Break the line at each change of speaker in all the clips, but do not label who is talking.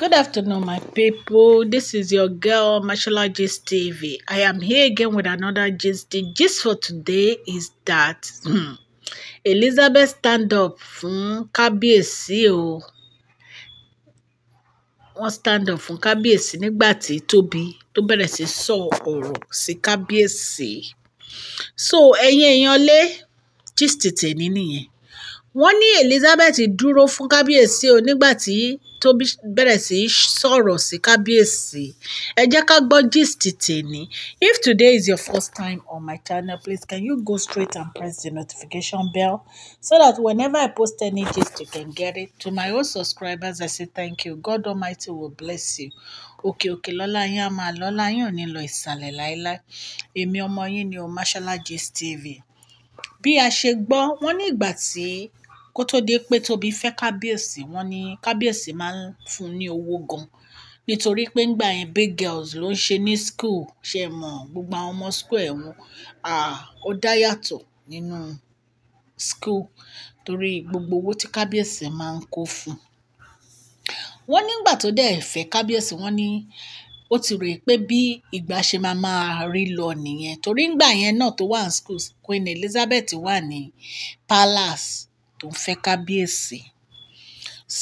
Good afternoon, my people. This is your girl, Mashola Gist TV. I am here again with another gist. The gist for today is that hmm, Elizabeth stand up from Kábíyèsí o. Wọ́n stand up from Kábíyèsí nígbà tí Tóbi tó bẹ̀rẹ̀ So, sọ ọ̀rọ̀ sí So ẹ̀yin èèyàn lé gist tèmi nìyẹn. wọ́n ní elizabeth dúró fún kábíyèsí o nígbà tí tó bẹ̀rẹ̀ sí í sọ̀rọ̀ sí kábíyèsí ẹ jẹ́ ká gbọ́ gist if today is your first time on my channel please can you go straight and press the notification bell so that whenever I post any gist you can get it to my old subscribers I say thank you God Almighty will bless you Okay, okay. lọ́lá yama lọ́lá yín ní lọ ìsàlẹ̀ láéláé èmi ọmọ yín ni o Mashola Gist TV Bí a ṣe gbọ́, wọ́n ní ìgbà tí kó tó di pé Tóbi fẹ́ Kábíyèsí, wọ́n ní Kábíyèsí máa ń fún ní owó gan. Nítorí pé nígbà yẹn big girls ló ń ṣe ní school, ṣé ẹ mọ̀? Gbogbo àwọn ọmọ school ẹ̀ wọ́n, ó dá yàtọ̀ nínú school torí gbogbo owó tí Kábíyèsí máa ń kó fún un. Wọ́n tó dẹ̀ fẹ́ Kábíyèsí, wọ́n ní ó ti rò pé bí ìgbà ṣe máa máa rí lọ nìyẹn torí ngbà yẹn náà tó wà ní school Queen Elizabeth wà ní palace tó ń fẹ́ kábíyèsí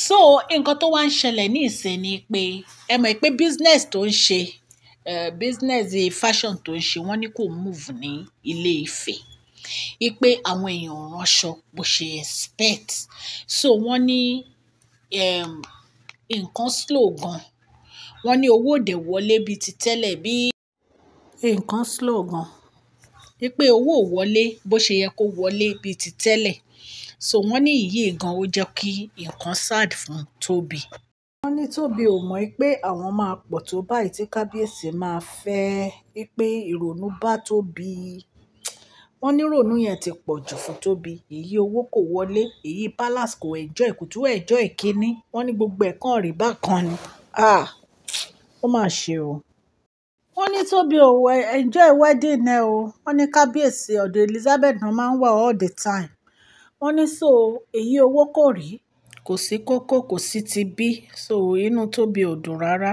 so nǹkan tó wá ń ṣẹlẹ̀ ní ìsìn ni pé ẹ mọ̀ pé business tó ń ṣe business fashion tó ń ṣe wọ́n ní kò move ní ilé Ifẹ̀ ipe àwọn èèyàn ránṣọ bó ṣe expect so wọ́n ní um, nǹkan slow gan-an wọ́n ní owó ò dẹ̀ wọlé bíi ti tẹ́lẹ̀ bí nǹkan slow gan. Wípé owó ò wọlé bó ṣe yẹ kó wọlé bíi ti tẹ́lẹ̀. So wọ́n ní èyí gan ó jẹ́ kí nǹkan sad fún Tóbi. Wọ́n ní Tóbi ò mọ̀ pé àwọn máa pọ̀ tó báyìí tí Kábíyèsí máa fẹ́ wípé ìrònú bá Tóbi. Wọ́n ní ìrònú yẹn ti pọ̀ jù fún Tóbi. Èyí owó kò wọlé, èyí palace kò enjoy, kò tún enjoy kíni. Wọ́n ní gbogbo ẹ̀ rí bákan ni. Ah! Ó mà ṣe o. Wọ́n ní Tóbi o enjoy wedding ẹ o. Wọ́n ní Kábíyèsí ọ̀dọ̀ Elizabeth náà máa ń wà all the time. Wọ́n ní so èyí owó kò rí, kò sí kókó, kò sí ti bí. So inú Tóbi ò dùn rárá.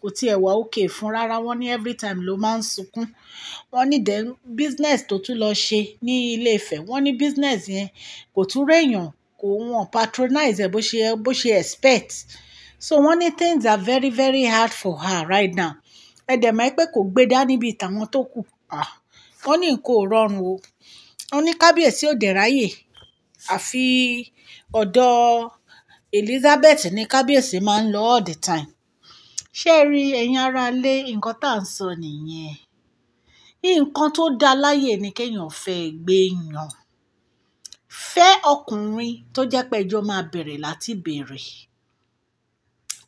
Kò tí è wá okay fún rárá. Wọ́n ní every time ló máa ń sunkún. Wọ́n ní then business tó tún lọ ṣe ní ilé Ifẹ̀. Wọ́n ní business yẹn kò tún rẹ́yàn, kò wọ́n patronize ẹ bó ṣe expect so wọ́n ní things are very very hard for her right now ẹ dẹ̀ mọ̀ pé kò gbé dání bíi tàwọn tó kù ah, wọ́n ní nǹkan ò rọrùn o wọ́n ní kábíyèsí ò dẹ̀ àfi ọ̀dọ̀ Elizabeth ní kábíyèsí máa ń lọ all the time ṣé ẹ rí ẹ̀yin ara lé nǹkan tá à ń sọ nìyẹn nǹkan tó dáa láyè ni kéèyàn fẹ́ gbéyàn fẹ́ ọkùnrin tó jẹ́ pé ẹjọ́ máa bẹ̀rẹ̀ láti bẹ̀rẹ̀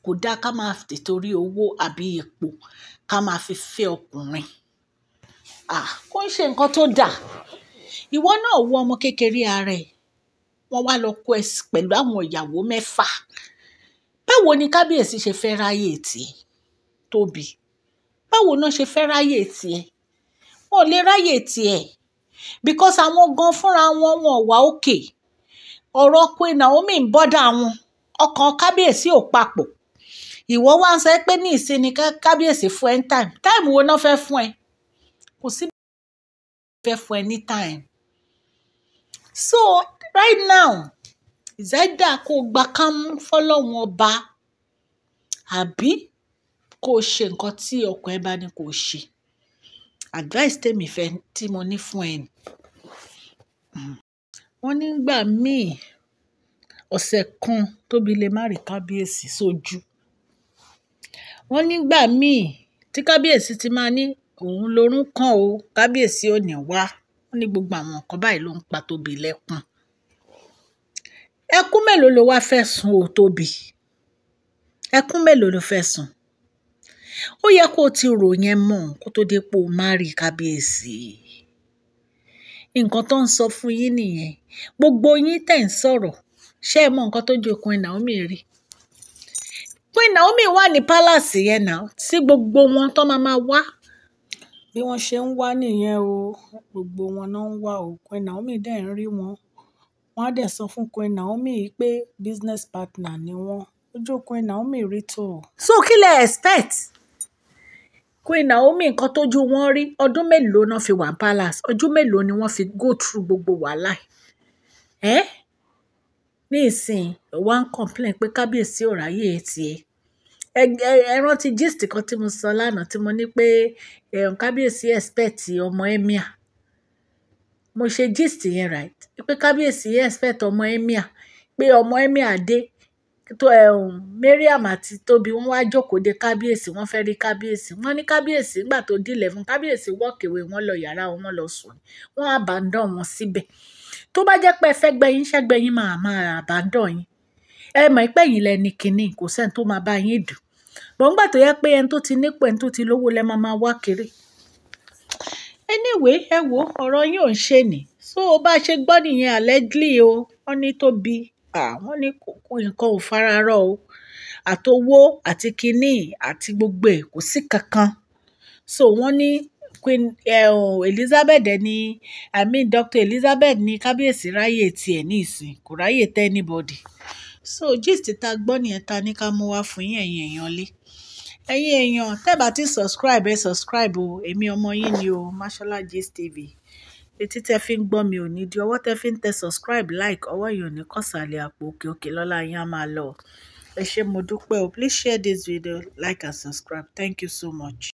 kò dáa ká máa tìtorí owó àbí ipò ká máa fi fẹ́ ọkùnrin ah kò ń ṣe nǹkan tó dáa ìwọ náà wo ọmọ kékeré ara ẹ wọ́n wá lọ kó ẹ pẹ̀lú àwọn ìyàwó mẹ́fà báwo ni kábíyèsí ṣe fẹ́ ráyè tiẹ̀ tóbi báwo náà ṣe fẹ́ ráyè tiẹ̀ wọn ò lè ráyè tiẹ̀ because àwọn gan fúnra wọn wọn wà òkè ọ̀rọ̀ pé Naomi ń bọ́dà wọn ọkàn kábíyèsí ò papọ̀ ìwọ wá ń sọ pé ní ìsinmi kábíyèsí fún ẹ ní time time wo náà fẹ́ fún ẹ kò sí fẹ́ fún ẹ ní time so right now ìzẹ́dà kò gba kámú fọlọ́run ọba àbí kò ṣe nǹkan tí ọkọ ẹ bá ní kò ṣe advice tèmi fẹ́ tí mo ní fún ẹ hmm. wọ́n nígbà míì ọ̀sẹ̀ kan tóbi lè má rí kábíyèsí sójú wọ́n nígbà míì tí kábíyèsí ti máa ní òun lorún kàn o kábíyèsí ò ní wá wọ́n ní gbogbo àwọn nǹkan báyìí ló ń pa Tóbi lẹ́kún ẹkún mélòó ló wá fẹ́ sun o Tóbi ẹkún mélòó ló fẹ́ sun ó yẹ kó o ti rò yẹn mọ̀ kó tó dé pò má rí kábíyèsí nǹkan tó ń sọ fún yín nìyẹn gbogbo yín tẹ̀ ń sọ̀rọ̀ ṣé ẹ mọ nǹkan tó ju okùnrin Naomi rí Queen Naomi wà ní palace yẹn na tí gbogbo wọn tó máa máa wá. bí wọ́n ṣe ń wá nìyẹn o gbogbo wọn náà ń wá o Queen Naomi dẹ̀ ń rí wọn wọ́n á dẹ̀ sọ fún Queen Naomi pé business partner ni wọ́n ojú Queen Naomi rí tó. so kí lẹ expect Queen Naomi nǹkan tójú wọn rí ọdún mélòó náà fi wà palace ọdún mélòó ni wọ́n fi go through gbogbo wàhálà ẹ̀. Eh? Ní ìsìn, o wá ń complain pé kábíyèsí ò ráyè ti ẹ. Ẹ rántí gist kan tí mo sọ lánàá tí mo ní pé, kábíyèsí expect ọmọ emir. Mo ṣe gist yẹn right. Pé kábíyèsí expect ọmọ emir, pé ọmọ emir dé, tó Mariam àti Tóbi wọ́n wá jókòó de kábíyèsí, wọ́n fẹ́ rí kábíyèsí. Wọ́n ní kábíyèsí nígbà tó dé ilẹ̀ fún kábíyèsí walk away, wọ́n lọ yàrá wọn, wọ́n lọ sùn. Wọ́n abandon wọn síbẹ̀ tó bá jẹ́ pé ẹ fẹ́ gbẹ̀yìn iṣẹ́ gbẹ̀yìn máa máa àbádọ́ yín ẹ mọ̀ pé ẹ̀yin lẹni kìíní kò sẹ́ni tó máa bá yín dùn bọ̀ ńgbà tó yẹ pé ẹni tó ti nípò ẹni tó ti lówó lẹ máa máa wá kiri. anyway ẹ wo ọ̀rọ̀ yín ń ṣe nì so bá a ṣe gbọ́ nìyẹn allegedly o wọ́n ní tó bi àwọn ní nǹkan ò fararọ̀ o àtowó àti kínní àti gbogbo ẹ̀ kò sí kankan so wọ́n ní Queen um Elizabeth dẹ̀ ni I mean Dr. Elizabeth ní kábíyèsí ráyè tiẹ̀ ní ìsìn kò ráyè tẹ́ anybody. So gist ta gbọ́ nìyẹn ta ní ká mú wá fún yín ẹ̀yin èèyàn lé. Ẹ̀yin èèyàn tẹ́ ti subscribe ẹ subscribe o èmi ọmọ yín ni o Mashola Gist TV etí tẹ́ fi ń gbọ́ mi ò ní di ọwọ́ tẹ́ fi ń tẹ subscribe like ọwọ́ yìí ò ní kọ̀sàlẹ̀ àpò òkè òkè lọ́la yín á máa lọ ẹ ṣé mo dúpẹ́ o please share this video like and subscribe thank you so much.